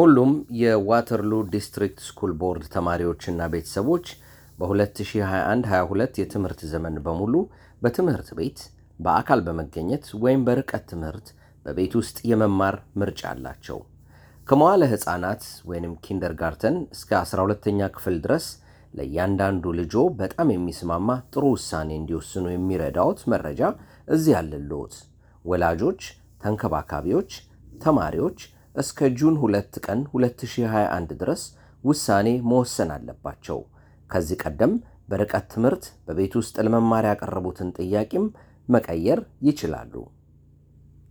ሁሉም የዋተርሉ ዲስትሪክት ስኩል ቦርድ ተማሪዎችና ቤተሰቦች በ2021-22 የትምህርት ዘመን በሙሉ በትምህርት ቤት በአካል በመገኘት ወይም በርቀት ትምህርት በቤት ውስጥ የመማር ምርጫ አላቸው። ከመዋለ ሕፃናት ወይም ኪንደርጋርተን እስከ 12ኛ ክፍል ድረስ ለእያንዳንዱ ልጆ በጣም የሚስማማ ጥሩ ውሳኔ እንዲወስኑ የሚረዳዎት መረጃ እዚህ አለልዎት። ወላጆች፣ ተንከባካቢዎች፣ ተማሪዎች እስከ ጁን 2 ቀን 2021 ድረስ ውሳኔ መወሰን አለባቸው። ከዚህ ቀደም በርቀት ትምህርት በቤት ውስጥ ለመማር ያቀረቡትን ጥያቄም መቀየር ይችላሉ።